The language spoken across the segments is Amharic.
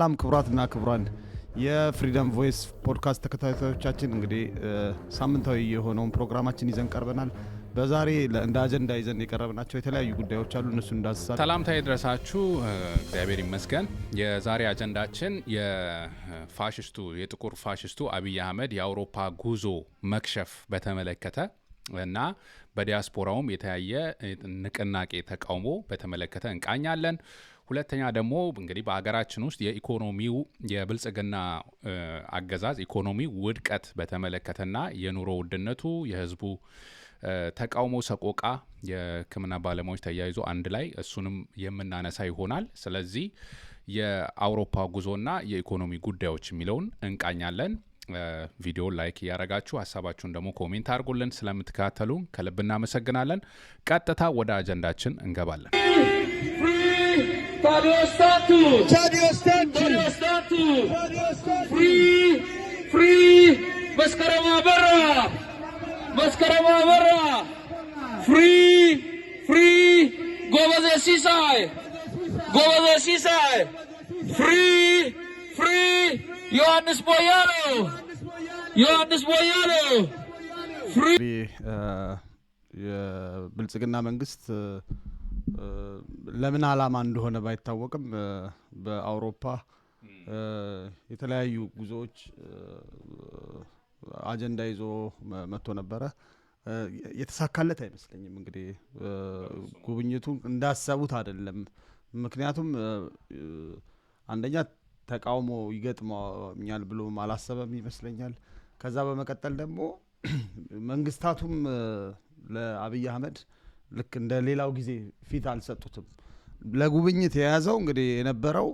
ሰላም ክቡራትና ክቡራን የፍሪደም ቮይስ ፖድካስት ተከታታዮቻችን፣ እንግዲህ ሳምንታዊ የሆነውን ፕሮግራማችን ይዘን ቀርበናል። በዛሬ እንደ አጀንዳ ይዘን የቀረብናቸው የተለያዩ ጉዳዮች አሉ። እነሱ እንዳስሳ ሰላምታ ይድረሳችሁ። እግዚአብሔር ይመስገን። የዛሬ አጀንዳችን የፋሽስቱ የጥቁር ፋሽስቱ አብይ አህመድ የአውሮፓ ጉዞ መክሸፍ በተመለከተ እና በዲያስፖራውም የተለያየ ንቅናቄ ተቃውሞ በተመለከተ እንቃኛለን። ሁለተኛ ደግሞ እንግዲህ በሀገራችን ውስጥ የኢኮኖሚው የብልጽግና አገዛዝ ኢኮኖሚ ውድቀት በተመለከተና የኑሮ ውድነቱ የህዝቡ ተቃውሞ፣ ሰቆቃ፣ የህክምና ባለሙያዎች ተያይዞ አንድ ላይ እሱንም የምናነሳ ይሆናል። ስለዚህ የአውሮፓ ጉዞና የኢኮኖሚ ጉዳዮች የሚለውን እንቃኛለን። ቪዲዮ ላይክ እያረጋችሁ ሀሳባችሁን ደግሞ ኮሜንት አድርጉልን። ስለምትከታተሉ ከልብ እናመሰግናለን። ቀጥታ ወደ አጀንዳችን እንገባለን። Tadio Statu. Tadio Statu. Tadio stato! Free, free, Maskarama Barra. Maskarama Barra. Free, free, Govaze Sisai. Govaze Sisai. Free, free, Yohannes Boyano. Yohannes Boyano. ፍሪ የብልጽግና መንግስት ለምን አላማ እንደሆነ ባይታወቅም በአውሮፓ የተለያዩ ጉዞዎች አጀንዳ ይዞ መጥቶ ነበረ። የተሳካለት አይመስለኝም። እንግዲህ ጉብኝቱ እንዳሰቡት አይደለም። ምክንያቱም አንደኛ ተቃውሞ ይገጥመኛል ብሎም አላሰበም ይመስለኛል። ከዛ በመቀጠል ደግሞ መንግስታቱም ለአብይ አህመድ ልክ እንደ ሌላው ጊዜ ፊት አልሰጡትም። ለጉብኝት የያዘው እንግዲህ የነበረው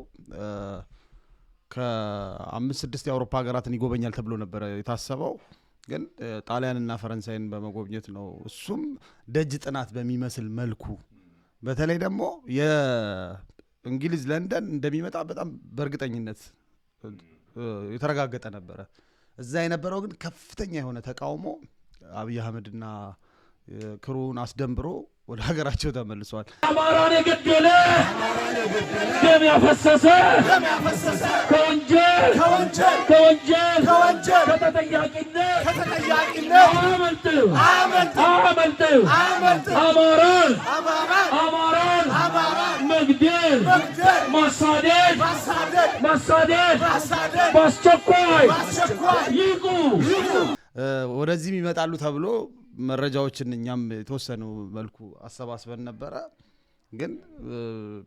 ከአምስት ስድስት የአውሮፓ ሀገራትን ይጎበኛል ተብሎ ነበረ የታሰበው ግን ጣሊያንና ፈረንሳይን በመጎብኘት ነው። እሱም ደጅ ጥናት በሚመስል መልኩ በተለይ ደግሞ የእንግሊዝ ለንደን እንደሚመጣ በጣም በእርግጠኝነት የተረጋገጠ ነበረ። እዛ የነበረው ግን ከፍተኛ የሆነ ተቃውሞ አብይ አህመድና ክሩን አስደንብሮ ወደ ሀገራቸው ተመልሷል። አማራን የገደለ ደም ያፈሰሰ ከወንጀል ከወንጀል ከተጠያቂነት አያመልጥም። አማራን መግደል፣ ማሳደድ ማሳደድ በአስቸኳይ ይቁም። ወደዚህም ይመጣሉ ተብሎ መረጃዎችን እኛም የተወሰኑ መልኩ አሰባስበን ነበረ። ግን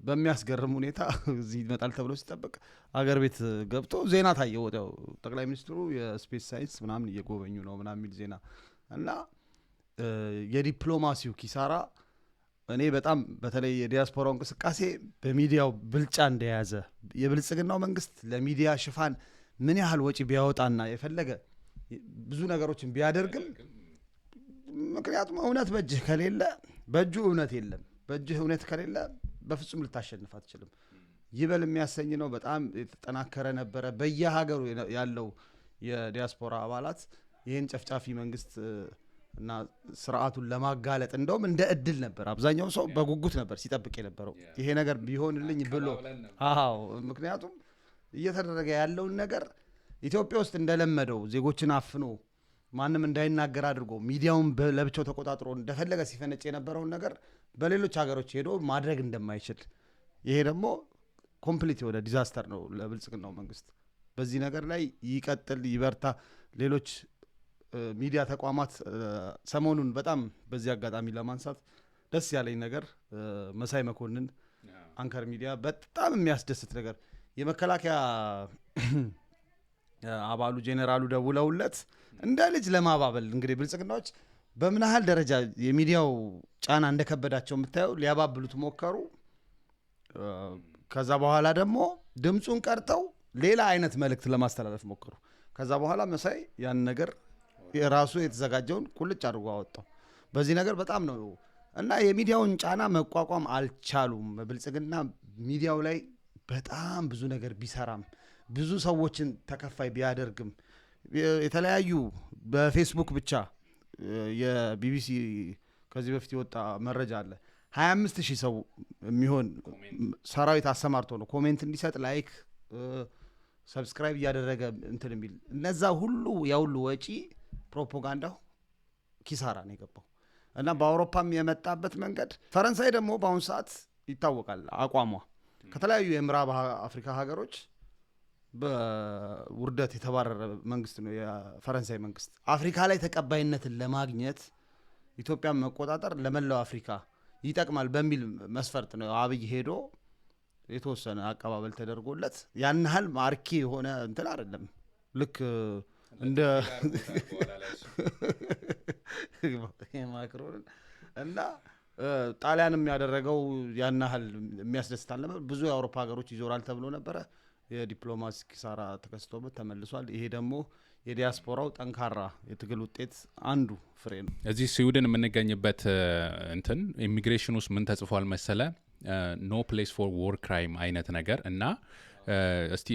በሚያስገርም ሁኔታ እዚህ ይመጣል ተብሎ ሲጠበቅ አገር ቤት ገብቶ ዜና ታየው። ወዲያው ጠቅላይ ሚኒስትሩ የስፔስ ሳይንስ ምናምን እየጎበኙ ነው ምናምን የሚል ዜና እና የዲፕሎማሲው ኪሳራ እኔ በጣም በተለይ የዲያስፖራው እንቅስቃሴ በሚዲያው ብልጫ እንደያዘ የብልጽግናው መንግስት ለሚዲያ ሽፋን ምን ያህል ወጪ ቢያወጣና የፈለገ ብዙ ነገሮችን ቢያደርግም ምክንያቱም እውነት በእጅህ ከሌለ በእጁ እውነት የለም። በእጅህ እውነት ከሌለ በፍጹም ልታሸንፍ አትችልም። ይበል የሚያሰኝ ነው። በጣም የተጠናከረ ነበረ። በየሀገሩ ያለው የዲያስፖራ አባላት ይህን ጨፍጫፊ መንግስት እና ስርዓቱን ለማጋለጥ እንደውም እንደ እድል ነበር። አብዛኛው ሰው በጉጉት ነበር ሲጠብቅ የነበረው ይሄ ነገር ቢሆንልኝ ብሎ። አዎ ምክንያቱም እየተደረገ ያለውን ነገር ኢትዮጵያ ውስጥ እንደለመደው ዜጎችን አፍኖ ማንም እንዳይናገር አድርጎ ሚዲያውን ለብቻው ተቆጣጥሮ እንደፈለገ ሲፈነጭ የነበረውን ነገር በሌሎች ሀገሮች ሄዶ ማድረግ እንደማይችል ይሄ ደግሞ ኮምፕሊት የሆነ ዲዛስተር ነው ለብልጽግናው መንግስት። በዚህ ነገር ላይ ይቀጥል፣ ይበርታ። ሌሎች ሚዲያ ተቋማት ሰሞኑን በጣም በዚህ አጋጣሚ ለማንሳት ደስ ያለኝ ነገር መሳይ መኮንን አንከር ሚዲያ በጣም የሚያስደስት ነገር የመከላከያ አባሉ ጄኔራሉ ደውለውለት እንደ ልጅ ለማባበል እንግዲህ ብልጽግናዎች በምን ያህል ደረጃ የሚዲያው ጫና እንደከበዳቸው የምታየው ሊያባብሉት ሞከሩ። ከዛ በኋላ ደግሞ ድምፁን ቀርጠው ሌላ አይነት መልእክት ለማስተላለፍ ሞከሩ። ከዛ በኋላ መሳይ ያን ነገር የራሱ የተዘጋጀውን ቁልጭ አድርጎ አወጣው። በዚህ ነገር በጣም ነው እና የሚዲያውን ጫና መቋቋም አልቻሉም። ብልጽግና ሚዲያው ላይ በጣም ብዙ ነገር ቢሰራም ብዙ ሰዎችን ተከፋይ ቢያደርግም የተለያዩ በፌስቡክ ብቻ የቢቢሲ ከዚህ በፊት የወጣ መረጃ አለ። ሀያ አምስት ሺህ ሰው የሚሆን ሰራዊት አሰማርቶ ነው ኮሜንት እንዲሰጥ ላይክ፣ ሰብስክራይብ እያደረገ እንትን የሚል እነዛ ሁሉ የሁሉ ወጪ ፕሮፓጋንዳው ኪሳራ ነው የገባው እና በአውሮፓም የመጣበት መንገድ ፈረንሳይ ደግሞ በአሁኑ ሰዓት ይታወቃል አቋሟ ከተለያዩ የምዕራብ አፍሪካ ሀገሮች በውርደት የተባረረ መንግስት ነው የፈረንሳይ መንግስት። አፍሪካ ላይ ተቀባይነትን ለማግኘት ኢትዮጵያን መቆጣጠር ለመላው አፍሪካ ይጠቅማል በሚል መስፈርት ነው አብይ ሄዶ የተወሰነ አቀባበል ተደርጎለት ያን ያህል ማርኪ የሆነ እንትን አይደለም። ልክ እንደ ማክሮን እና ጣሊያንም ያደረገው ያን ያህል የሚያስደስታል ነበር። ብዙ የአውሮፓ ሀገሮች ይዞራል ተብሎ ነበረ። የዲፕሎማሲ ኪሳራ ተከስቶበት ተመልሷል። ይሄ ደግሞ የዲያስፖራው ጠንካራ የትግል ውጤት አንዱ ፍሬ ነው። እዚህ ስዊድን የምንገኝበት እንትን ኢሚግሬሽን ውስጥ ምን ተጽፏል መሰለ ኖ ፕሌስ ፎር ዎር ክራይም አይነት ነገር እና እስቲ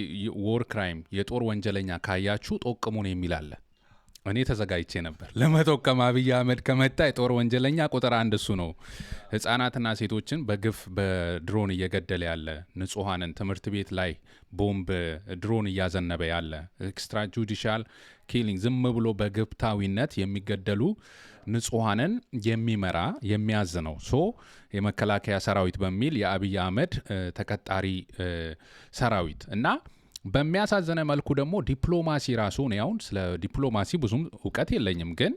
ዎር ክራይም የጦር ወንጀለኛ ካያችሁ ጦቅሙን የሚላለ እኔ ተዘጋጅቼ ነበር ለመጠቀም። አብይ አህመድ ከመጣ የጦር ወንጀለኛ ቁጥር አንድ እሱ ነው። ህጻናትና ሴቶችን በግፍ በድሮን እየገደለ ያለ፣ ንጹሐንን ትምህርት ቤት ላይ ቦምብ ድሮን እያዘነበ ያለ፣ ኤክስትራ ጁዲሻል ኪሊንግ ዝም ብሎ በግብታዊነት የሚገደሉ ንጹሐንን የሚመራ የሚያዝ ነው። ሶ የመከላከያ ሰራዊት በሚል የአብይ አህመድ ተቀጣሪ ሰራዊት እና በሚያሳዝነ መልኩ ደግሞ ዲፕሎማሲ ራሱ እኔ አሁን ስለ ዲፕሎማሲ ብዙም እውቀት የለኝም፣ ግን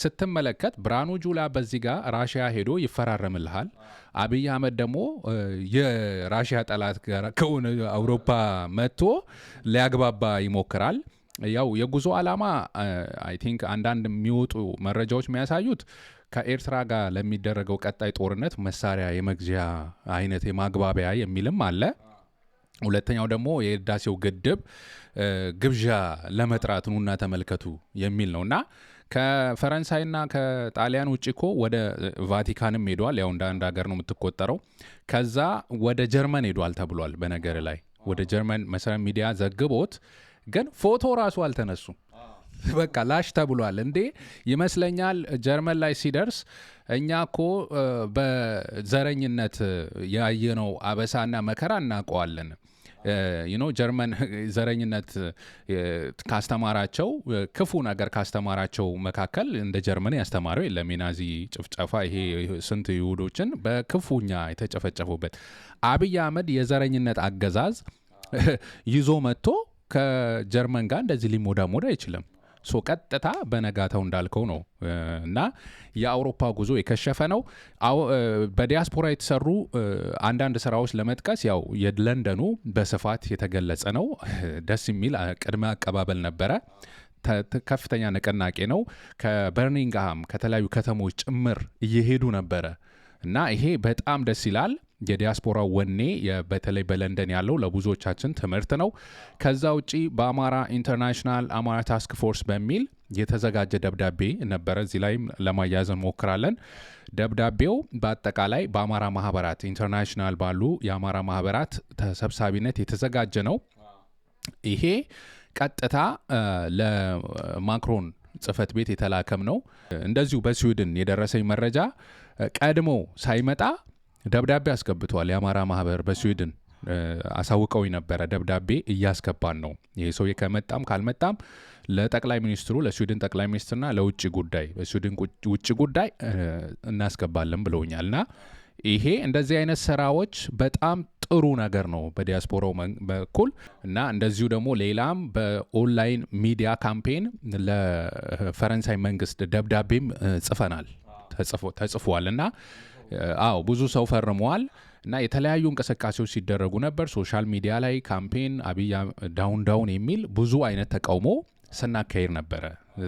ስትመለከት ብርሃኑ ጁላ በዚህ ጋር ራሽያ ሄዶ ይፈራረምልሃል። አብይ አህመድ ደግሞ የራሽያ ጠላት ጋር ከሆነ አውሮፓ መጥቶ ሊያግባባ ይሞክራል። ያው የጉዞ ዓላማ አይ ቲንክ አንዳንድ የሚወጡ መረጃዎች የሚያሳዩት ከኤርትራ ጋር ለሚደረገው ቀጣይ ጦርነት መሳሪያ የመግዚያ አይነት የማግባቢያ የሚልም አለ። ሁለተኛው ደግሞ የህዳሴው ግድብ ግብዣ ለመጥራት ኑና ተመልከቱ የሚል ነው እና ከፈረንሳይና ከጣሊያን ውጭ ኮ ወደ ቫቲካንም ሄደዋል። ያው እንደ አንድ ሀገር ነው የምትቆጠረው። ከዛ ወደ ጀርመን ሄዷል ተብሏል። በነገር ላይ ወደ ጀርመን መሰረት ሚዲያ ዘግቦት፣ ግን ፎቶ ራሱ አልተነሱም። በቃ ላሽ ተብሏል። እንዴ ይመስለኛል ጀርመን ላይ ሲደርስ እኛ ኮ በዘረኝነት ያየነው አበሳና መከራ እናውቀዋለን ዩኖ ጀርመን ዘረኝነት ካስተማራቸው ክፉ ነገር ካስተማራቸው መካከል እንደ ጀርመን ያስተማረው የለም። የናዚ ጭፍጨፋ ይሄ ስንት ይሁዶችን በክፉኛ የተጨፈጨፉበት አብይ አህመድ የዘረኝነት አገዛዝ ይዞ መጥቶ ከጀርመን ጋር እንደዚህ ሊሞዳ ሞዳ አይችልም። ሶ ቀጥታ በነጋተው እንዳልከው ነው እና የአውሮፓ ጉዞ የከሸፈ ነው። በዲያስፖራ የተሰሩ አንዳንድ ስራዎች ለመጥቀስ ያው የለንደኑ በስፋት የተገለጸ ነው። ደስ የሚል ቅድመ አቀባበል ነበረ። ከፍተኛ ንቅናቄ ነው። ከበርሚንግሃም ከተለያዩ ከተሞች ጭምር እየሄዱ ነበረ እና ይሄ በጣም ደስ ይላል። የዲያስፖራ ወኔ በተለይ በለንደን ያለው ለብዙዎቻችን ትምህርት ነው። ከዛ ውጪ በአማራ ኢንተርናሽናል አማራ ታስክ ፎርስ በሚል የተዘጋጀ ደብዳቤ ነበረ። እዚህ ላይም ለማያያዝ እንሞክራለን። ደብዳቤው በአጠቃላይ በአማራ ማህበራት ኢንተርናሽናል ባሉ የአማራ ማህበራት ተሰብሳቢነት የተዘጋጀ ነው። ይሄ ቀጥታ ለማክሮን ጽህፈት ቤት የተላከም ነው። እንደዚሁ በስዊድን የደረሰኝ መረጃ ቀድሞ ሳይመጣ ደብዳቤ አስገብቷል የአማራ ማህበር በስዊድን አሳውቀው ነበረ። ደብዳቤ እያስገባን ነው። ይሄ ሰውዬ ከመጣም ካልመጣም ለጠቅላይ ሚኒስትሩ ለስዊድን ጠቅላይ ሚኒስትርና ለውጭ ጉዳይ በስዊድን ውጭ ጉዳይ እናስገባለን ብለውኛል። እና ይሄ እንደዚህ አይነት ስራዎች በጣም ጥሩ ነገር ነው በዲያስፖራው በኩል እና እንደዚሁ ደግሞ ሌላም በኦንላይን ሚዲያ ካምፔን ለፈረንሳይ መንግስት ደብዳቤም ጽፈናል ተጽፏል እና አዎ ብዙ ሰው ፈርመዋል እና የተለያዩ እንቅስቃሴዎች ሲደረጉ ነበር። ሶሻል ሚዲያ ላይ ካምፔን አብይ ዳውን ዳውን የሚል ብዙ አይነት ተቃውሞ ስናካሄድ ነበረ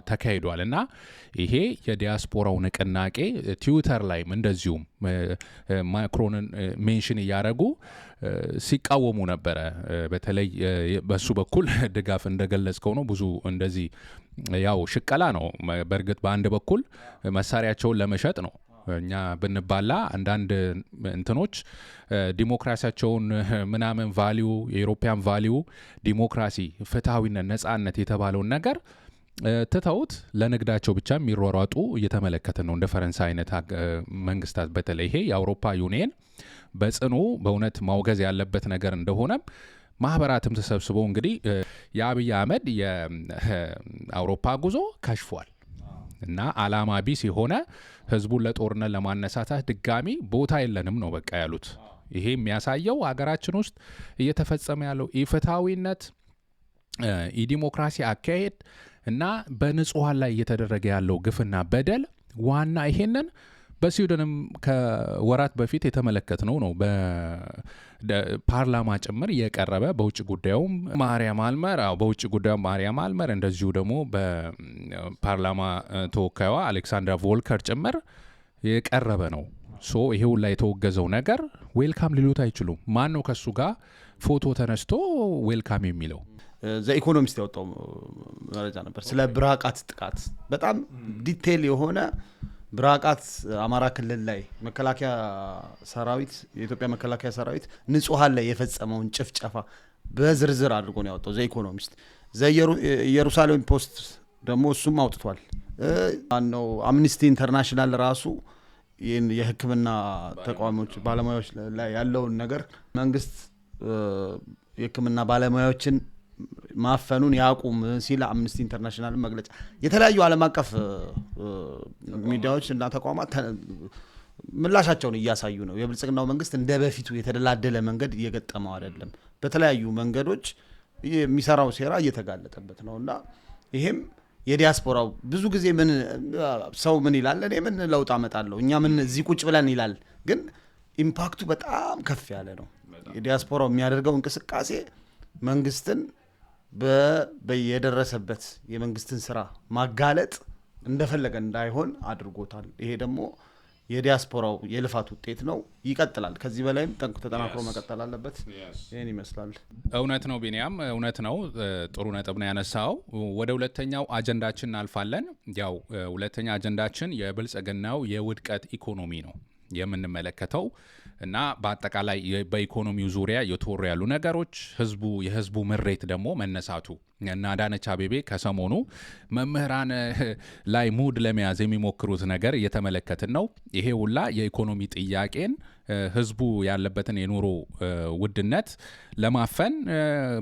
ተካሂዷል። እና ይሄ የዲያስፖራው ንቅናቄ ትዊተር ላይም እንደዚሁም ማክሮንን ሜንሽን እያደረጉ ሲቃወሙ ነበረ። በተለይ በሱ በኩል ድጋፍ እንደገለጽከው ነው። ብዙ እንደዚህ ያው ሽቀላ ነው። በእርግጥ በአንድ በኩል መሳሪያቸውን ለመሸጥ ነው እኛ ብንባላ አንዳንድ እንትኖች ዲሞክራሲያቸውን ምናምን ቫሊዩ የኢሮፓያን ቫሊዩ ዲሞክራሲ፣ ፍትሐዊነት፣ ነጻነት የተባለውን ነገር ትተውት ለንግዳቸው ብቻ የሚሯሯጡ እየተመለከትን ነው። እንደ ፈረንሳይ አይነት መንግስታት በተለይ ይሄ የአውሮፓ ዩኒየን በጽኑ በእውነት ማውገዝ ያለበት ነገር እንደሆነም ማህበራትም ተሰብስበው እንግዲህ የአብይ አህመድ የአውሮፓ ጉዞ ከሽፏል። እና አላማ ቢስ የሆነ ህዝቡን ለጦርነት ለማነሳሳት ድጋሚ ቦታ የለንም ነው በቃ ያሉት። ይሄ የሚያሳየው ሀገራችን ውስጥ እየተፈጸመ ያለው ኢፍትሐዊነት፣ ኢዲሞክራሲ አካሄድ እና በንጹሐን ላይ እየተደረገ ያለው ግፍና በደል ዋና ይሄንን በስዊድንም ከወራት በፊት የተመለከትነው ነው። በፓርላማ ጭምር እየቀረበ በውጭ ጉዳዩም ማሪያ ማልመር በውጭ ጉዳዩ ማርያም ማልመር እንደዚሁ ደግሞ በፓርላማ ተወካዩ አሌክሳንድራ ቮልከር ጭምር የቀረበ ነው። ሶ ይሄ ሁላ የተወገዘው ነገር ዌልካም ሊሉት አይችሉም። ማን ነው ከእሱ ጋር ፎቶ ተነስቶ ዌልካም የሚለው? ዘኢኮኖሚስት ያወጣው መረጃ ነበር ስለ ብራቃት ጥቃት በጣም ዲቴል የሆነ ብራቃት አማራ ክልል ላይ መከላከያ ሰራዊት የኢትዮጵያ መከላከያ ሰራዊት ንጹሐን ላይ የፈጸመውን ጭፍጨፋ በዝርዝር አድርጎ ነው ያወጣው ዘ ኢኮኖሚስት። ኢየሩሳሌም ፖስት ደግሞ እሱም አውጥቷል። ነው አምኒስቲ ኢንተርናሽናል ራሱ ይህን የሕክምና ተቃዋሚዎች ባለሙያዎች ላይ ያለውን ነገር መንግስት የሕክምና ባለሙያዎችን ማፈኑን ያቁም ሲል አምኒስቲ ኢንተርናሽናል መግለጫ የተለያዩ ዓለም አቀፍ ሚዲያዎች እና ተቋማት ምላሻቸውን እያሳዩ ነው። የብልጽግናው መንግስት እንደ በፊቱ የተደላደለ መንገድ እየገጠመው አይደለም። በተለያዩ መንገዶች የሚሰራው ሴራ እየተጋለጠበት ነው እና ይሄም የዲያስፖራው ብዙ ጊዜ ምን ሰው ምን ይላል፣ እኔ ምን ለውጥ አመጣለሁ፣ እኛ ምን እዚህ ቁጭ ብለን ይላል። ግን ኢምፓክቱ በጣም ከፍ ያለ ነው። የዲያስፖራው የሚያደርገው እንቅስቃሴ መንግስትን በየደረሰበት የመንግስትን ስራ ማጋለጥ እንደፈለገ እንዳይሆን አድርጎታል። ይሄ ደግሞ የዲያስፖራው የልፋት ውጤት ነው። ይቀጥላል። ከዚህ በላይም ጠንቁ ተጠናክሮ መቀጠል አለበት። ይህን ይመስላል። እውነት ነው ቢኒያም፣ እውነት ነው። ጥሩ ነጥብ ነው ያነሳው። ወደ ሁለተኛው አጀንዳችን እናልፋለን። ያው ሁለተኛ አጀንዳችን የብልጽግናው የውድቀት ኢኮኖሚ ነው የምንመለከተው እና በአጠቃላይ በኢኮኖሚው ዙሪያ የተወሩ ያሉ ነገሮች ህዝቡ የህዝቡ ምሬት ደግሞ መነሳቱ እና አዳነች አቤቤ ከሰሞኑ መምህራን ላይ ሙድ ለመያዝ የሚሞክሩት ነገር እየተመለከትን ነው። ይሄ ሁላ የኢኮኖሚ ጥያቄን ህዝቡ ያለበትን የኑሮ ውድነት ለማፈን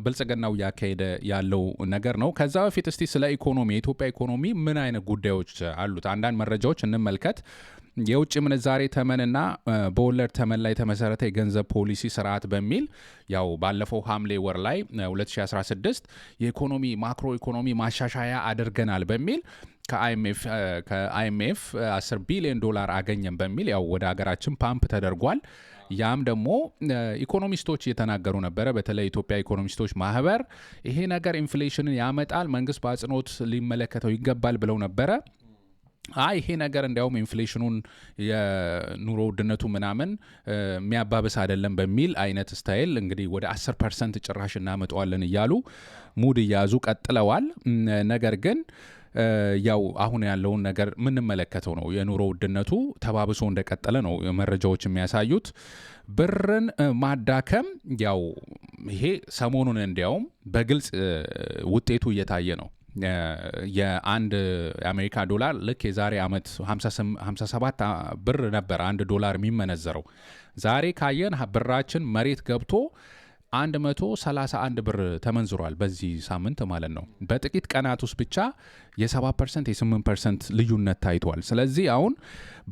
ብልጽግናው እያካሄደ ያለው ነገር ነው። ከዛ በፊት እስቲ ስለ ኢኮኖሚ የኢትዮጵያ ኢኮኖሚ ምን አይነት ጉዳዮች አሉት አንዳንድ መረጃዎች እንመልከት። የውጭ ምንዛሬ ተመንና በወለድ ተመን ላይ የተመሰረተ የገንዘብ ፖሊሲ ስርዓት በሚል ያው ባለፈው ሐምሌ ወር ላይ 2016 የኢኮኖሚ ማክሮ ኢኮኖሚ ማሻሻያ አድርገናል በሚል ከአይኤምኤፍ 10 ቢሊዮን ዶላር አገኘም በሚል ያው ወደ ሀገራችን ፓምፕ ተደርጓል። ያም ደግሞ ኢኮኖሚስቶች እየተናገሩ ነበረ። በተለይ የኢትዮጵያ ኢኮኖሚስቶች ማህበር ይሄ ነገር ኢንፍሌሽንን ያመጣል፣ መንግስት በአጽንኦት ሊመለከተው ይገባል ብለው ነበረ። አይ ይሄ ነገር እንዲያውም ኢንፍሌሽኑን የኑሮ ውድነቱ ምናምን የሚያባብስ አይደለም በሚል አይነት ስታይል እንግዲህ ወደ 10 ፐርሰንት ጭራሽ እናመጠዋለን እያሉ ሙድ እያያዙ ቀጥለዋል። ነገር ግን ያው አሁን ያለውን ነገር የምንመለከተው ነው። የኑሮ ውድነቱ ተባብሶ እንደቀጠለ ነው መረጃዎች የሚያሳዩት። ብርን ማዳከም ያው ይሄ ሰሞኑን እንዲያውም በግልጽ ውጤቱ እየታየ ነው። የአንድ የአሜሪካ ዶላር ልክ የዛሬ ዓመት 57 ብር ነበር አንድ ዶላር የሚመነዘረው። ዛሬ ካየን ብራችን መሬት ገብቶ 131 ብር ተመንዝሯል። በዚህ ሳምንት ማለት ነው። በጥቂት ቀናት ውስጥ ብቻ የ7 ፐርሰንት የ8 ፐርሰንት ልዩነት ታይቷል። ስለዚህ አሁን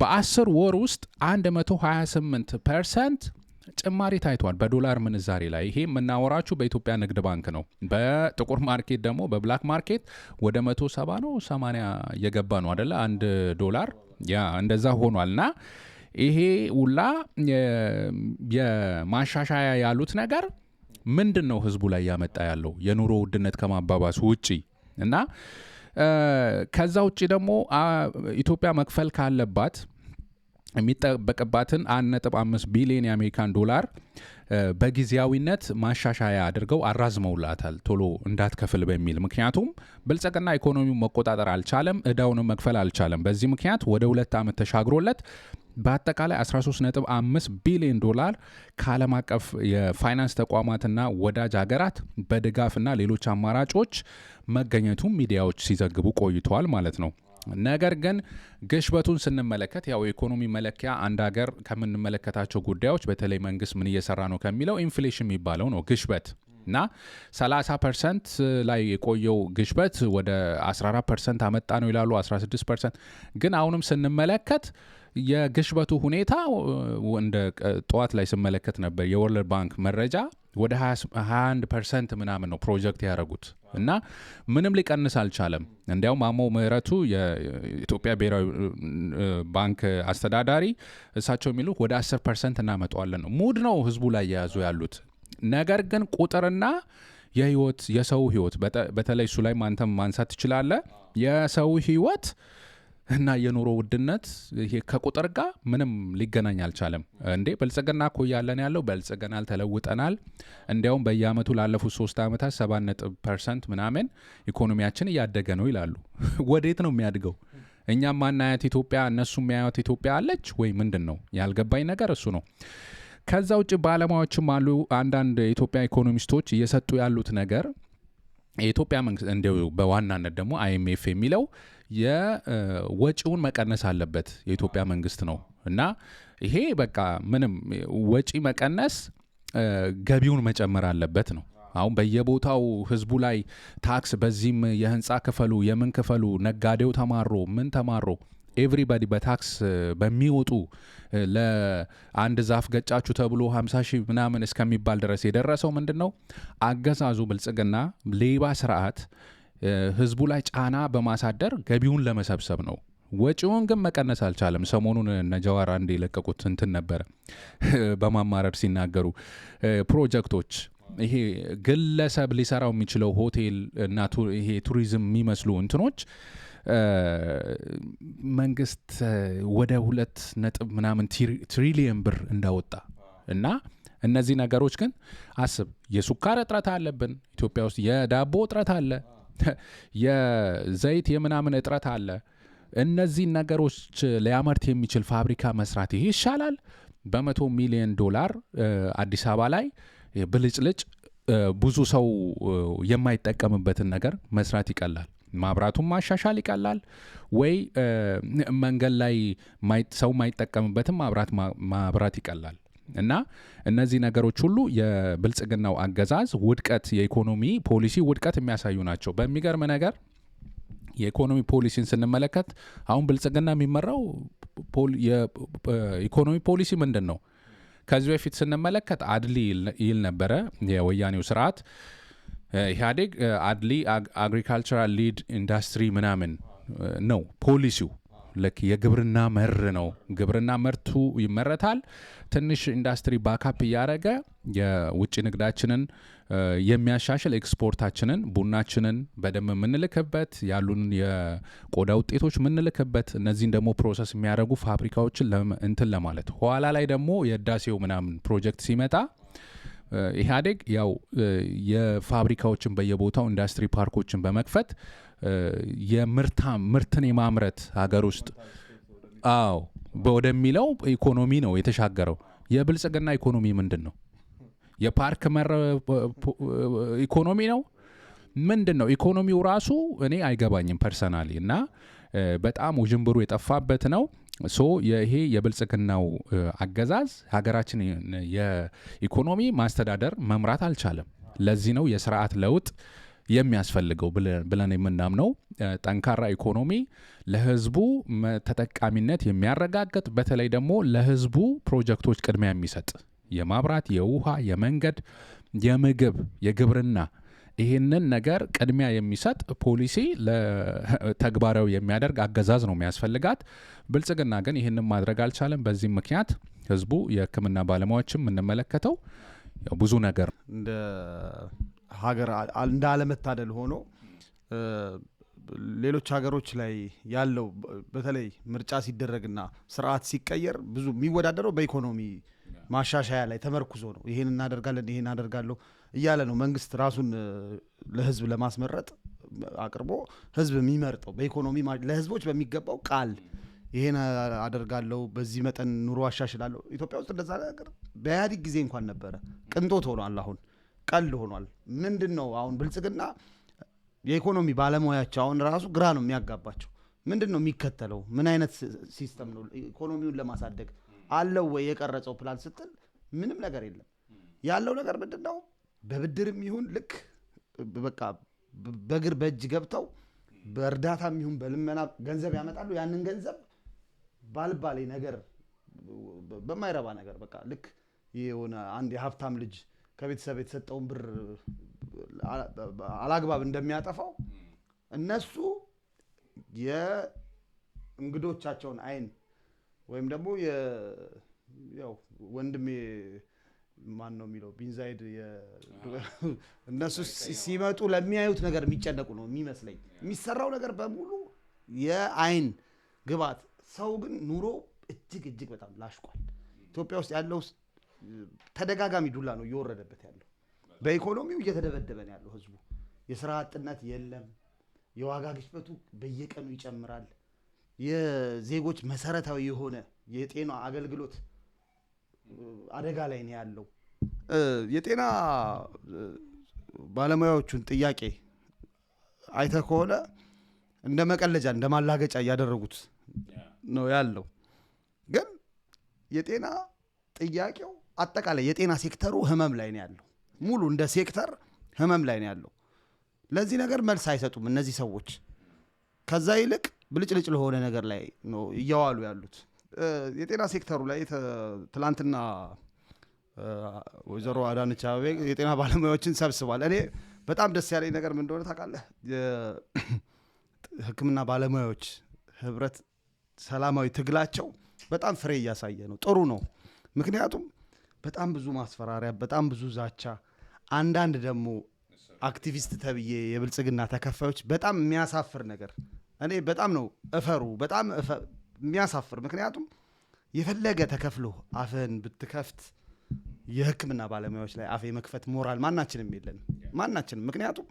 በ10 ወር ውስጥ 128 ፐርሰንት ጭማሪ ታይቷል በዶላር ምንዛሬ ላይ። ይሄ የምናወራችሁ በኢትዮጵያ ንግድ ባንክ ነው። በጥቁር ማርኬት ደግሞ በብላክ ማርኬት ወደ መቶ ነው 80 የገባ ነው አደለ አንድ ዶላር ያ እንደዛ ሆኗል እና ይሄ ውላ የማሻሻያ ያሉት ነገር ምንድን ነው ህዝቡ ላይ ያመጣ ያለው የኑሮ ውድነት ከማባባሱ ውጪ እና ከዛ ውጭ ደግሞ ኢትዮጵያ መክፈል ካለባት የሚጠበቅባትን 1.5 ቢሊዮን የአሜሪካን ዶላር በጊዜያዊነት ማሻሻያ አድርገው አራዝመውላታል ቶሎ እንዳትከፍል በሚል ምክንያቱም ብልጽግና ኢኮኖሚውን መቆጣጠር አልቻለም፣ እዳውንም መክፈል አልቻለም። በዚህ ምክንያት ወደ ሁለት ዓመት ተሻግሮለት በአጠቃላይ 13.5 ቢሊዮን ዶላር ከዓለም አቀፍ የፋይናንስ ተቋማትና ወዳጅ ሀገራት በድጋፍና ሌሎች አማራጮች መገኘቱም ሚዲያዎች ሲዘግቡ ቆይተዋል ማለት ነው። ነገር ግን ግሽበቱን ስንመለከት ያው የኢኮኖሚ መለኪያ አንድ ሀገር ከምንመለከታቸው ጉዳዮች በተለይ መንግስት ምን እየሰራ ነው ከሚለው ኢንፍሌሽን የሚባለው ነው ግሽበት እና 30 ፐርሰንት ላይ የቆየው ግሽበት ወደ 14 ፐርሰንት አመጣ ነው ይላሉ። 16 ፐርሰንት ግን አሁንም ስንመለከት የግሽበቱ ሁኔታ እንደ ጠዋት ላይ ስመለከት ነበር የወርልድ ባንክ መረጃ ወደ 21 ፐርሰንት ምናምን ነው ፕሮጀክት ያደረጉት እና ምንም ሊቀንስ አልቻለም። እንዲያውም አሞ ምህረቱ የኢትዮጵያ ብሔራዊ ባንክ አስተዳዳሪ እሳቸው የሚሉ ወደ 10 ፐርሰንት እናመጣዋለን ነው ሙድ ነው ህዝቡ ላይ የያዙ ያሉት ነገር ግን ቁጥርና የህይወት የሰው ህይወት በተለይ እሱ ላይ ማንተም ማንሳት ትችላለህ የሰው ህይወት እና የኑሮ ውድነት ይሄ ከቁጥር ጋር ምንም ሊገናኝ አልቻለም። እንዴ ብልጽግና እኮ እያለን ያለው በልጽገናል፣ ተለውጠናል፣ እንዲያውም በየአመቱ ላለፉት ሶስት ዓመታት ሰባት ነጥብ ፐርሰንት ምናምን ኢኮኖሚያችን እያደገ ነው ይላሉ። ወዴት ነው የሚያድገው? እኛም ማናያት ኢትዮጵያ እነሱ የሚያዩት ኢትዮጵያ አለች ወይ? ምንድን ነው ያልገባኝ ነገር እሱ ነው። ከዛ ውጭ ባለሙያዎችም አሉ። አንዳንድ የኢትዮጵያ ኢኮኖሚስቶች እየሰጡ ያሉት ነገር የኢትዮጵያ መንግስት እንዲያው በዋናነት ደግሞ አይኤምኤፍ የሚለው የወጪውን መቀነስ አለበት የኢትዮጵያ መንግስት ነው እና ይሄ በቃ ምንም ወጪ መቀነስ ገቢውን መጨመር አለበት ነው። አሁን በየቦታው ህዝቡ ላይ ታክስ በዚህም የህንፃ ክፈሉ የምን ክፈሉ ነጋዴው ተማሮ ምን ተማሮ ኤቭሪባዲ በታክስ በሚወጡ ለአንድ ዛፍ ገጫችሁ ተብሎ 50 ሺህ ምናምን እስከሚባል ድረስ የደረሰው ምንድን ነው? አገዛዙ ብልጽግና ሌባ ስርዓት ህዝቡ ላይ ጫና በማሳደር ገቢውን ለመሰብሰብ ነው። ወጪውን ግን መቀነስ አልቻለም። ሰሞኑን እነ ጀዋር አንድ የለቀቁት እንትን ነበረ በማማረር ሲናገሩ ፕሮጀክቶች ይሄ ግለሰብ ሊሰራው የሚችለው ሆቴል እና ይሄ ቱሪዝም የሚመስሉ እንትኖች መንግስት ወደ ሁለት ነጥብ ምናምን ትሪሊየን ብር እንዳወጣ እና እነዚህ ነገሮች ግን አስብ፣ የሱካር እጥረት አለብን ኢትዮጵያ ውስጥ፣ የዳቦ እጥረት አለ፣ የዘይት የምናምን እጥረት አለ። እነዚህን ነገሮች ሊያመርት የሚችል ፋብሪካ መስራት ይሄ ይሻላል። በመቶ ሚሊዮን ዶላር አዲስ አበባ ላይ ብልጭልጭ ብዙ ሰው የማይጠቀምበትን ነገር መስራት ይቀላል። ማብራቱን ማሻሻል ይቀላል ወይ መንገድ ላይ ሰው ማይጠቀምበትም ማብራት ማብራት ይቀላል። እና እነዚህ ነገሮች ሁሉ የብልጽግናው አገዛዝ ውድቀት የኢኮኖሚ ፖሊሲ ውድቀት የሚያሳዩ ናቸው። በሚገርም ነገር የኢኮኖሚ ፖሊሲን ስንመለከት አሁን ብልጽግና የሚመራው የኢኮኖሚ ፖሊሲ ምንድን ነው? ከዚህ በፊት ስንመለከት አድሊ ይል ነበረ የወያኔው ስርዓት ኢህአዴግ አድሊ አግሪካልቸራል ሊድ ኢንዱስትሪ ምናምን ነው ፖሊሲው። ልክ የግብርና መር ነው። ግብርና መርቱ ይመረታል። ትንሽ ኢንዱስትሪ ባካፕ እያደረገ የውጭ ንግዳችንን የሚያሻሽል ኤክስፖርታችንን፣ ቡናችንን በደንብ የምንልክበት ያሉን የቆዳ ውጤቶች የምንልክበት እነዚህን ደግሞ ፕሮሰስ የሚያደርጉ ፋብሪካዎችን እንትን ለማለት ኋላ ላይ ደግሞ የህዳሴው ምናምን ፕሮጀክት ሲመጣ ኢህአዴግ ያው የፋብሪካዎችን በየቦታው ኢንዱስትሪ ፓርኮችን በመክፈት የምርታ ምርትን የማምረት ሀገር ውስጥ አዎ ወደሚለው ኢኮኖሚ ነው የተሻገረው። የብልጽግና ኢኮኖሚ ምንድን ነው? የፓርክ መር ኢኮኖሚ ነው ምንድን ነው? ኢኮኖሚው ራሱ እኔ አይገባኝም ፐርሰናሊ እና በጣም ውዥንብሩ የጠፋበት ነው። ሶ ይሄ የብልጽግናው አገዛዝ ሀገራችን የኢኮኖሚ ማስተዳደር መምራት አልቻለም። ለዚህ ነው የስርዓት ለውጥ የሚያስፈልገው ብለን የምናምነው። ጠንካራ ኢኮኖሚ ለህዝቡ ተጠቃሚነት የሚያረጋግጥ በተለይ ደግሞ ለህዝቡ ፕሮጀክቶች ቅድሚያ የሚሰጥ የማብራት፣ የውሃ፣ የመንገድ፣ የምግብ፣ የግብርና ይህንን ነገር ቅድሚያ የሚሰጥ ፖሊሲ ተግባራዊ የሚያደርግ አገዛዝ ነው የሚያስፈልጋት። ብልጽግና ግን ይህንን ማድረግ አልቻለም። በዚህም ምክንያት ህዝቡ፣ የህክምና ባለሙያዎችም የምንመለከተው ብዙ ነገር እንደ ሀገር እንዳለመታደል ሆኖ ሌሎች ሀገሮች ላይ ያለው በተለይ ምርጫ ሲደረግና ስርዓት ሲቀየር ብዙ የሚወዳደረው በኢኮኖሚ ማሻሻያ ላይ ተመርኩዞ ነው። ይሄን እናደርጋለን፣ ይሄን እናደርጋለሁ እያለ ነው መንግስት ራሱን ለህዝብ ለማስመረጥ አቅርቦ ህዝብ የሚመርጠው በኢኮኖሚ ለህዝቦች በሚገባው ቃል ይሄን አደርጋለሁ፣ በዚህ መጠን ኑሮ አሻሽላለሁ። ኢትዮጵያ ውስጥ እንደዛ ነገር በኢህአዲግ ጊዜ እንኳን ነበረ። ቅንጦት ሆኗል። አሁን ቀልድ ሆኗል። ምንድን ነው አሁን ብልጽግና የኢኮኖሚ ባለሙያቸው አሁን ራሱ ግራ ነው የሚያጋባቸው። ምንድን ነው የሚከተለው? ምን አይነት ሲስተም ነው ኢኮኖሚውን ለማሳደግ አለው ወይ የቀረጸው ፕላን ስትል ምንም ነገር የለም። ያለው ነገር ምንድን ነው? በብድርም ይሁን ልክ በቃ በእግር በእጅ ገብተው በእርዳታም ይሁን በልመና ገንዘብ ያመጣሉ። ያንን ገንዘብ ባልባሌ ነገር በማይረባ ነገር በቃ ልክ የሆነ አንድ የሀብታም ልጅ ከቤተሰብ የተሰጠውን ብር አላግባብ እንደሚያጠፋው እነሱ የእንግዶቻቸውን አይን ወይም ደግሞ ያው ወንድሜ ማን ነው የሚለው ቢንዛይድ እነሱ ሲመጡ ለሚያዩት ነገር የሚጨነቁ ነው የሚመስለኝ። የሚሰራው ነገር በሙሉ የአይን ግብዓት። ሰው ግን ኑሮ እጅግ እጅግ በጣም ላሽቋል። ኢትዮጵያ ውስጥ ያለው ተደጋጋሚ ዱላ ነው እየወረደበት ያለው። በኢኮኖሚው እየተደበደበ ነው ያለው ህዝቡ። የስራ አጥነት የለም። የዋጋ ግሽበቱ በየቀኑ ይጨምራል። የዜጎች መሰረታዊ የሆነ የጤና አገልግሎት አደጋ ላይ ነው ያለው። የጤና ባለሙያዎቹን ጥያቄ አይተ ከሆነ እንደ መቀለጃ እንደ ማላገጫ እያደረጉት ነው ያለው። ግን የጤና ጥያቄው አጠቃላይ የጤና ሴክተሩ ህመም ላይ ነው ያለው። ሙሉ እንደ ሴክተር ህመም ላይ ነው ያለው። ለዚህ ነገር መልስ አይሰጡም እነዚህ ሰዎች። ከዛ ይልቅ ብልጭልጭ ለሆነ ነገር ላይ ነው እያዋሉ ያሉት። የጤና ሴክተሩ ላይ ትላንትና ወይዘሮ አዳነች አበቤ የጤና ባለሙያዎችን ሰብስቧል። እኔ በጣም ደስ ያለኝ ነገር ምን እንደሆነ ታውቃለህ? ባለሙያዎች ህብረት ሰላማዊ ትግላቸው በጣም ፍሬ እያሳየ ነው። ጥሩ ነው። ምክንያቱም በጣም ብዙ ማስፈራሪያ፣ በጣም ብዙ ዛቻ፣ አንዳንድ ደግሞ አክቲቪስት ተብዬ የብልጽግና ተከፋዮች በጣም የሚያሳፍር ነገር እኔ በጣም ነው እፈሩ በጣም የሚያሳፍር ምክንያቱም የፈለገ ተከፍሎ አፍህን ብትከፍት የህክምና ባለሙያዎች ላይ አፍ የመክፈት ሞራል ማናችንም የለን ማናችንም። ምክንያቱም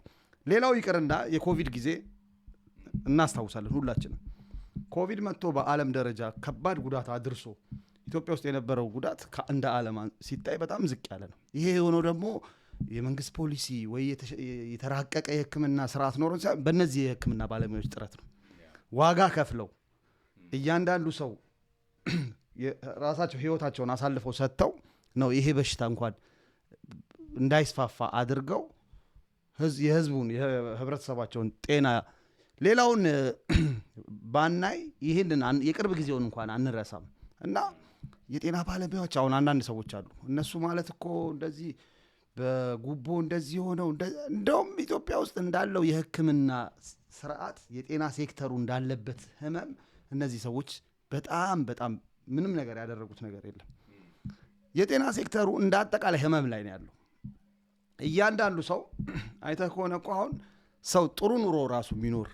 ሌላው ይቅርና የኮቪድ ጊዜ እናስታውሳለን ሁላችንም። ኮቪድ መጥቶ በአለም ደረጃ ከባድ ጉዳት አድርሶ ኢትዮጵያ ውስጥ የነበረው ጉዳት እንደ አለም ሲታይ በጣም ዝቅ ያለ ነው። ይሄ የሆነው ደግሞ የመንግስት ፖሊሲ ወይ የተራቀቀ የህክምና ስርዓት ኖሮ በእነዚህ የህክምና ባለሙያዎች ጥረት ነው። ዋጋ ከፍለው እያንዳንዱ ሰው ራሳቸው ህይወታቸውን አሳልፈው ሰጥተው ነው ይሄ በሽታ እንኳን እንዳይስፋፋ አድርገው የህዝቡን የህብረተሰባቸውን ጤና ሌላውን ባናይ ይህንን የቅርብ ጊዜውን እንኳን አንረሳም እና የጤና ባለሙያዎች አሁን አንዳንድ ሰዎች አሉ እነሱ ማለት እኮ እንደዚህ በጉቦ እንደዚህ ሆነው እንደውም ኢትዮጵያ ውስጥ እንዳለው የህክምና ስርዓት የጤና ሴክተሩ እንዳለበት ህመም እነዚህ ሰዎች በጣም በጣም ምንም ነገር ያደረጉት ነገር የለም። የጤና ሴክተሩ እንደ አጠቃላይ ህመም ላይ ነው ያለው። እያንዳንዱ ሰው አይተህ ከሆነ እኮ አሁን ሰው ጥሩ ኑሮ ራሱ የሚኖር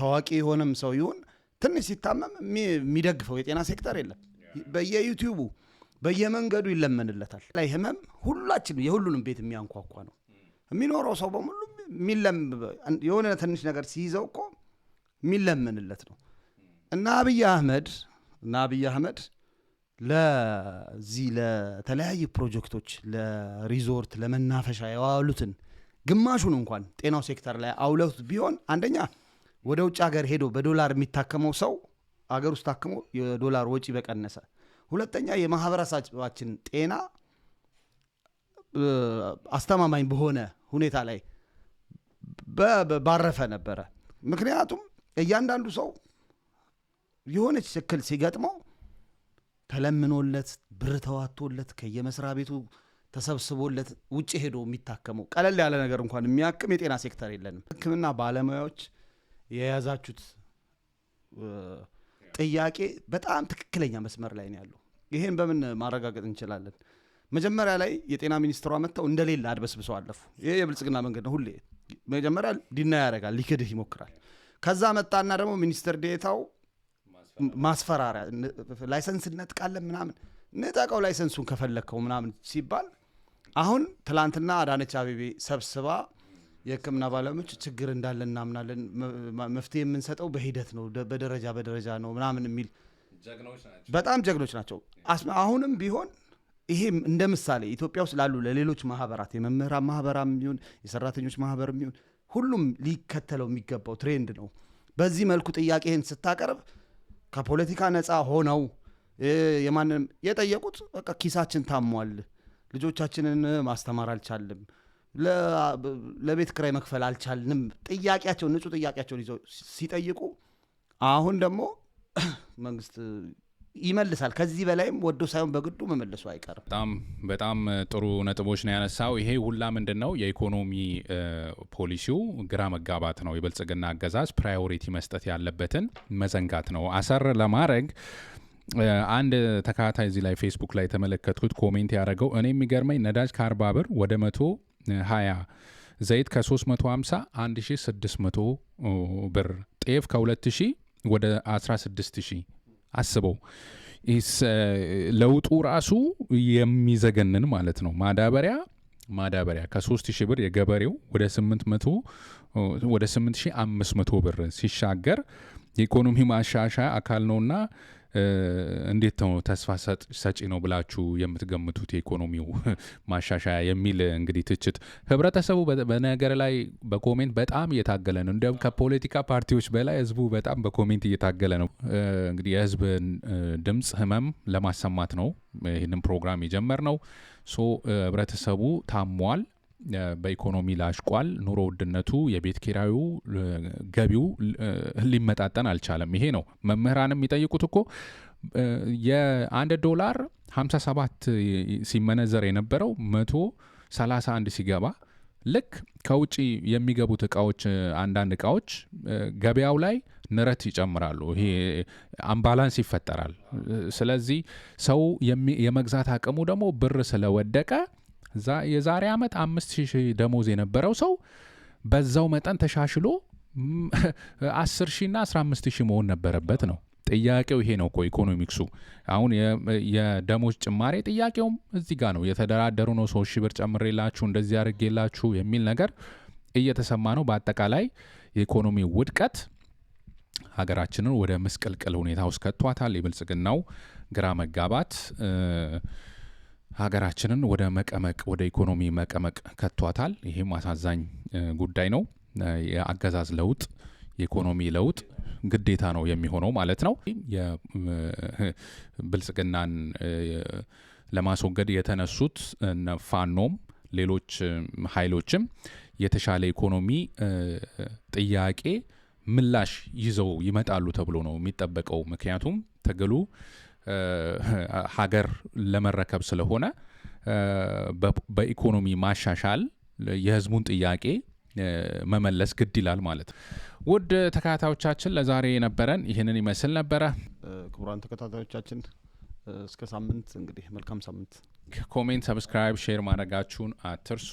ታዋቂ የሆነም ሰው ይሁን ትንሽ ሲታመም የሚደግፈው የጤና ሴክተር የለም። በየዩቲዩቡ በየመንገዱ ይለመንለታል። ላይ ህመም ሁላችንም የሁሉንም ቤት የሚያንኳኳ ነው። mm. የሚኖረው ሰው በሙሉ የሆነ ትንሽ ነገር ሲይዘው እኮ የሚለመንለት ነው። እና አብይ አህመድ እና አብይ አህመድ ለዚህ ለተለያዩ ፕሮጀክቶች ለሪዞርት ለመናፈሻ የዋሉትን ግማሹን እንኳን ጤናው ሴክተር ላይ አውለውት ቢሆን አንደኛ ወደ ውጭ ሀገር ሄዶ በዶላር የሚታከመው ሰው አገር ውስጥ ታክሞ የዶላር ወጪ በቀነሰ፣ ሁለተኛ የማህበረሰባችን ጤና አስተማማኝ በሆነ ሁኔታ ላይ ባረፈ ነበረ። ምክንያቱም እያንዳንዱ ሰው የሆነች ሽክል ሲገጥመው ተለምኖለት ብር ተዋቶለት ከየመስሪያ ቤቱ ተሰብስቦለት ውጭ ሄዶ የሚታከመው ቀለል ያለ ነገር እንኳን የሚያክም የጤና ሴክተር የለንም። ሕክምና ባለሙያዎች የያዛችሁት ጥያቄ በጣም ትክክለኛ መስመር ላይ ነው ያለው። ይህን በምን ማረጋገጥ እንችላለን? መጀመሪያ ላይ የጤና ሚኒስትሯ መጥተው እንደሌለ አድበስብሰው አለፉ። ይሄ የብልጽግና መንገድ ነው። ሁሌ መጀመሪያ ዲና ያደርጋል፣ ሊክድህ ይሞክራል። ከዛ መጣና ደግሞ ሚኒስትር ዴታው ማስፈራሪያ ላይሰንስ እንነጥቃለን ምናምን ንጠቀው ላይሰንሱን ከፈለግከው ምናምን ሲባል አሁን ትላንትና አዳነች አቤቤ ሰብስባ የህክምና ባለሙያዎች ችግር እንዳለ እናምናለን፣ መፍትሄ የምንሰጠው በሂደት ነው፣ በደረጃ በደረጃ ነው ምናምን የሚል በጣም ጀግኖች ናቸው። አሁንም ቢሆን ይሄም እንደ ምሳሌ ኢትዮጵያ ውስጥ ላሉ ለሌሎች ማህበራት የመምህራን ማህበራ የሚሆን የሰራተኞች ማህበር የሚሆን ሁሉም ሊከተለው የሚገባው ትሬንድ ነው። በዚህ መልኩ ጥያቄህን ስታቀርብ ከፖለቲካ ነፃ ሆነው የማንም የጠየቁት በቃ ኪሳችን ታሟል፣ ልጆቻችንን ማስተማር አልቻልም፣ ለቤት ክራይ መክፈል አልቻልንም፣ ጥያቄያቸውን ንጹህ ጥያቄያቸውን ይዘው ሲጠይቁ አሁን ደግሞ መንግስት ይመልሳል። ከዚህ በላይም ወዶ ሳይሆን በግዱ መመለሱ አይቀርም። በጣም በጣም ጥሩ ነጥቦች ነው ያነሳው። ይሄ ሁላ ምንድን ነው የኢኮኖሚ ፖሊሲው ግራ መጋባት ነው። የብልጽግና አገዛዝ ፕራዮሪቲ መስጠት ያለበትን መዘንጋት ነው። አሰር ለማድረግ አንድ ተከታታይ እዚህ ላይ ፌስቡክ ላይ የተመለከትኩት ኮሜንት ያደረገው እኔ የሚገርመኝ ነዳጅ ከአርባ ብር ወደ መቶ ሀያ ዘይት ከ350 1600 ብር ጤፍ ከ2000 ወደ 16000 አስበው ለውጡ ራሱ የሚዘገንን ማለት ነው። ማዳበሪያ ማዳበሪያ ከ3 ብር የገበሬው ወደ 800 ወደ 8500 ብር ሲሻገር የኢኮኖሚ ማሻሻያ አካል ነውና እንዴት ነው ተስፋ ሰጪ ነው ብላችሁ የምትገምቱት የኢኮኖሚው ማሻሻያ የሚል እንግዲህ ትችት ህብረተሰቡ በነገር ላይ በኮሜንት በጣም እየታገለ ነው። እንዲሁም ከፖለቲካ ፓርቲዎች በላይ ህዝቡ በጣም በኮሜንት እየታገለ ነው። እንግዲህ የህዝብ ድምፅ ህመም ለማሰማት ነው ይህንን ፕሮግራም ነው። ሶ ህብረተሰቡ ታሟል በኢኮኖሚ ላሽቋል። ኑሮ ውድነቱ፣ የቤት ኪራዩ፣ ገቢው ሊመጣጠን አልቻለም። ይሄ ነው መምህራን የሚጠይቁት እኮ የአንድ ዶላር 57 ሲመነዘር የነበረው 131 ሲገባ ልክ ከውጭ የሚገቡት እቃዎች አንዳንድ እቃዎች ገበያው ላይ ንረት ይጨምራሉ። ይሄ አምባላንስ ይፈጠራል። ስለዚህ ሰው የመግዛት አቅሙ ደግሞ ብር ስለወደቀ የዛሬ ዓመት አምስት ሺህ ደሞዝ የነበረው ሰው በዛው መጠን ተሻሽሎ አስር ሺና አስራ አምስት ሺህ መሆን ነበረበት ነው ጥያቄው። ይሄ ነው እኮ ኢኮኖሚክሱ። አሁን የደሞዝ ጭማሬ ጥያቄውም እዚህ ጋር ነው። የተደራደሩ ነው ሶስት ሺህ ብር ጨምሬላችሁ እንደዚህ አድርጌላችሁ የሚል ነገር እየተሰማ ነው። በአጠቃላይ የኢኮኖሚ ውድቀት ሀገራችንን ወደ ምስቅልቅል ሁኔታ ውስጥ ከቷታል። የብልጽግናው ግራ መጋባት ሀገራችንን ወደ መቀመቅ ወደ ኢኮኖሚ መቀመቅ ከቷታል። ይህም አሳዛኝ ጉዳይ ነው። የአገዛዝ ለውጥ የኢኮኖሚ ለውጥ ግዴታ ነው የሚሆነው ማለት ነው። የብልጽግናን ለማስወገድ የተነሱት ፋኖም ሌሎች ኃይሎችም የተሻለ ኢኮኖሚ ጥያቄ ምላሽ ይዘው ይመጣሉ ተብሎ ነው የሚጠበቀው። ምክንያቱም ትግሉ ሀገር ለመረከብ ስለሆነ በኢኮኖሚ ማሻሻል የህዝቡን ጥያቄ መመለስ ግድ ይላል ማለት ነው። ውድ ተከታታዮቻችን ለዛሬ የነበረን ይህንን ይመስል ነበረ። ክቡራን ተከታታዮቻችን እስከ ሳምንት እንግዲህ መልካም ሳምንት። ኮሜንት፣ ሰብስክራይብ፣ ሼር ማድረጋችሁን አትርሱ።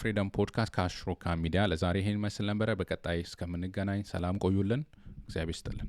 ፍሪደም ፖድካስት ከአሽሮካ ሚዲያ ለዛሬ ይህን ይመስል ነበረ። በቀጣይ እስከምንገናኝ ሰላም ቆዩልን። እግዚአብሔር ይስጥልን።